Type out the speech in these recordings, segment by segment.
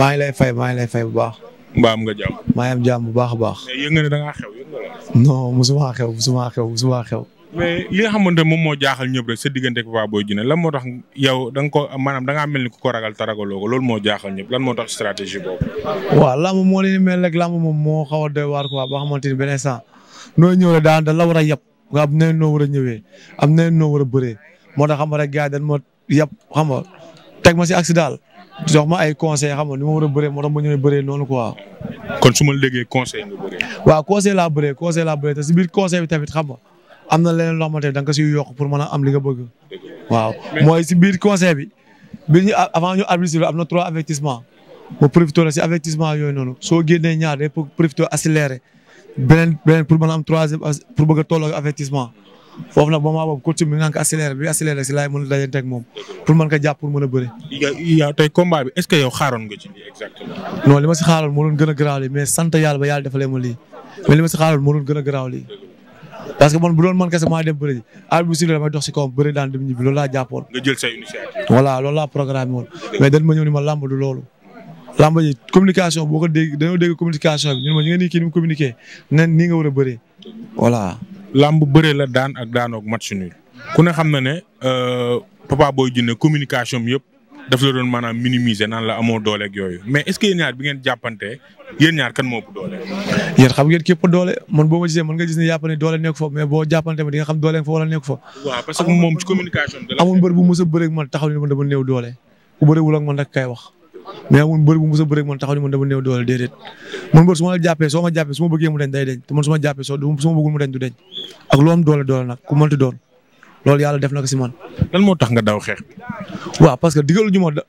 maa ngi lay fay maa ngi lay fay bu baax. mbaa am nga jàmm. maa ngi am jàmm bu baax a baax. mais eh, yëg nga xew musuma xew musuma xew musuma xew. mais li moom moo jaaxal ñëpp rek sa diggante Papa Boy Djiné lan moo tax yow da nga ko maanaam da ngaa mel ni ku ko ragal lool moo jaaxal ñëpp lan moo tax stratégie boobu. waaw lamb moo leen mel rek lamb moom moo xaw a doy waar quoi ba xamante ni noo ñëw rek daan da la war a yab nga am nee noo a ñëwee am nee noo war a bëree moo tax xam nga rek gars yi dañ ma yab xam nga teg ma si accident jox ma ay conseil xam nga li ma war a bëree moo tax ma ñëwee bëree noonu kon su ma la déggee conseil nga bëree. waaw conseil laa bëree conseil si biir conseil bi tamit xam nga am na leneen loo xamante ne da nga ko siy yokk pour mën a am li nga bëgg. waaw mooy si biir conseil bi bi ñu avant ñu arbitre am na trois avertissement ba profité la si avertissement yooyu noonu soo génnee ñaar day profité accéléré beneen beneen pour mën a am troisième pour bëgg a tolloo avertissement. foofu nag moment boobu coach si laay mën a a bëre. a garaaw lii mais sant mais li ma si xaaroon moo doon gën a garaaw lii parce que man bu doon man kese maa dem bëri ji aar bu si la nga jël communication boo communication bi ñu ne ma nii kii mu communiqué nen nii nga war a bëree voilà làmb bëre la daan ak daano match nul ku ne xam na ne euh, Papa Boy Djiné communication bi yëpp daf la doon maanaam minimiser naan la amoo dooleeg yooyu mais est-ce que yéen ñaar bi ngeen jàppante yéen kan moo ëpp doole. yéen xam ngeen képp doole man boo ma gisee mën nga gis ne jàpp ne doole nekk fa mais boo jàppante ma di nga xam doole fa wala nekk fa. parce que moom communication. amul mbër bu mës a bëreeg man taxaw ni man dama néew doole ku bëreewul ak man rek kay wax. mais amul mbër bu mos a bëre man taxaw ni man dama néew doole déedéet man mbër su ma la jàppee soo ma jàppee su bëggee mu dañ day dañ te man jàppee soo doon loolu yàlla def na ko si man. moo tax nga daw xeex. waaw parce que digalu ñu ma da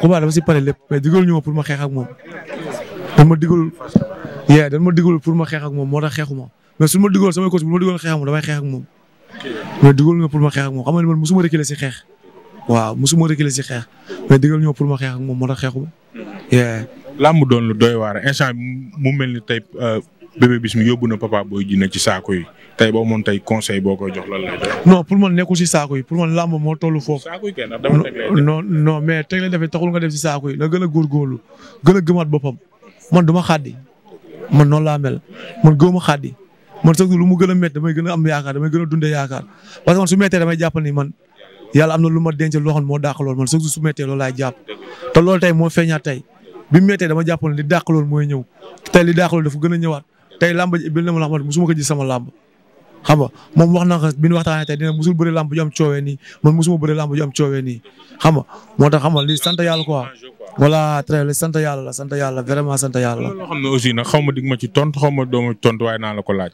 xubaar si pare lépp mais digalu ñu ma pour ma xeex ak moom dañ ma digal yee dañ ma digal pour ma xeex ak moom moo tax xeexu ma mais su ma digal samay coach bu ma digal xeex ak moom damay xeex ak moom mais ma xeex moom xam nga man mosuma si xeex waaw mosuma reculer si xeex mais digal ñoo pour ma xeex ak moom moo tax xeexu ma. làmb doon lu doy waar instant mu mel ni tey euh, Bébé Bismi yóbbu na ci saako yi tey boo moom tey conseil boo koy jox lan lay jox. non si saako yi pour man làmb moo toll foofu. saako yi kay ndax dama teg non non mais teg la defee taxul nga def si saako yi na gën a góorgóorlu gën a gëmaat boppam man du ma xàddi man noonu laa mel man góoma xàddi man sax lu mu gën a métti damay gën a am yaakaar damay gën a dundee yaakaar parce que man su méttee damay jàpp yàlla am na lu ma dencal loo xam moo dàq loolu man su su méttee loolu laay jàpp te loolu tey moo feeñaat tey bi méttee dama jàpp ne li dàq loolu mooy ñëw tey li dàq loolu dafa gën a ñëwaat tey làmb ji bil na ma la musuma ko sama làmb xam nga moom wax na ko bi ñu waxtaanee tey dina musul bëri làmb ju am coowee nii man musuma bëri làmb ju coowee nii xam moo tax xam nga li sant yàlla quoi voilà très bien sant yàlla la sant yàlla vraiment sant yàlla. loolu loo xam ne aussi nag xaw ma dig ma ci tontu xaw ma doo ma ci tontu waaye naa la ko laaj.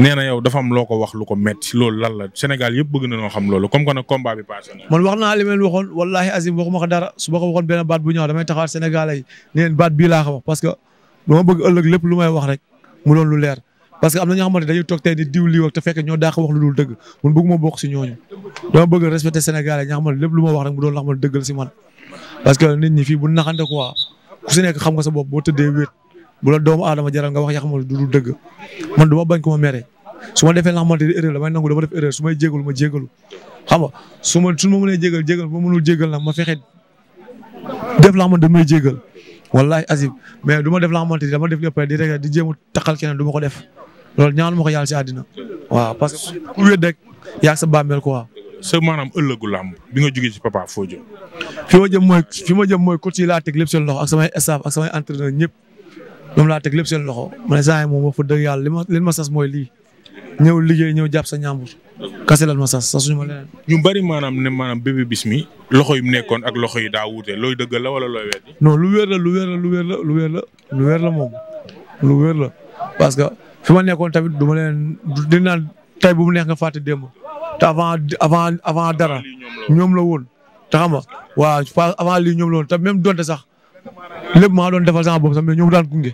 nee na yow dafa am loo ko wax lu ko métti loolu lan la Sénégal yëpp bëgg na noo xam loolu comme que nag combat bi passé na. man wax naa li ma leen waxoon wallaahi Azim waxuma ko dara su ma ko waxoon benn baat bu ñëw damay taxawaat Sénégalais yi ne leen baat bii laa ko wax parce que dama bëgg ëllëg lépp lu may wax rek mu doon lu leer. parce que am na ñoo xamante dañuy toog tey ni diw lii wax te fekk ñoo daa ko wax lu dul dëgg man bëgguma bokk si ñooñu dama bëgg respecté Sénégalais ñoo xamante lépp lu ma wax rek mu doon loo xamante dëggal si man parce que nit ñi fii bu naxante quoi ku si nekk xam nga sa bopp boo tëddee wéet bu la doomu aadama nga wax yaa xam du du dëgg man du ma bañ ko ma mere su ma defee la xamante ni erreur damay nangu dama def erreur su may ma jégalu xam nga su ma su ma mënee jégal jégal bu ma mënul jégal nag ma fexe def la xamante damay jégal wallahi azim mais du ma def la xamante ni dama def lépp di rek di jéem a taxal keneen du ma ko def loolu ñaanu ma ko yàlla si àddina waaw parce que ku wéet rek yaa sa bàmmeel quoi. sa maanaam ëllëgu bi nga jógee ci papa foo jëm. fi ma jëm mooy fi ma jëm mooy coach yi laa teg lépp seen loxo ak samay staff ak samay entraîneur ñëpp ñoom laa teg lépp seen loxo ma ne saa moom wax fa dëgg yàlla li ma li ma sas mooy lii ñëw liggéey ñëw jàpp sa ñaambur kase lan ma sas sasuñu ma leneen. ñu bari maanaam ne maanaam Bébé Bismi loxo yi mu nekkoon ak loxo yi daa wuute looy dëgg la wala looy weddi. lu wér la lu wér la lu wér la lu wér la lu wér lu wér la parce que fi ma nekkoon tamit du ma leen di naan tey bu neex nga fàtte démb te avant avant avant dara ñoom la woon te xam waa waaw pas avant lii ñoom la woon te même donte sax lépp maa doon defal sax bopp sax mais ñoom daal gunge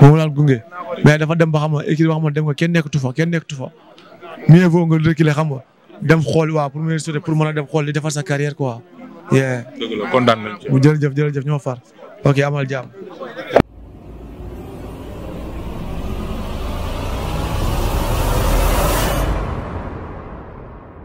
moom daan gunge mais dafa dem ba xam nga équipe boo xam dem nga kenn nekkatu fa kenn nekkatu fa mieux vaut nga xam nga dem xool waa pour mën a sauter pour mën a dem xool li defar sa carrière quoi. dëgg la kontaan nañ ci. jërëjëf jërëjëf ñoo far ok amal jàmm.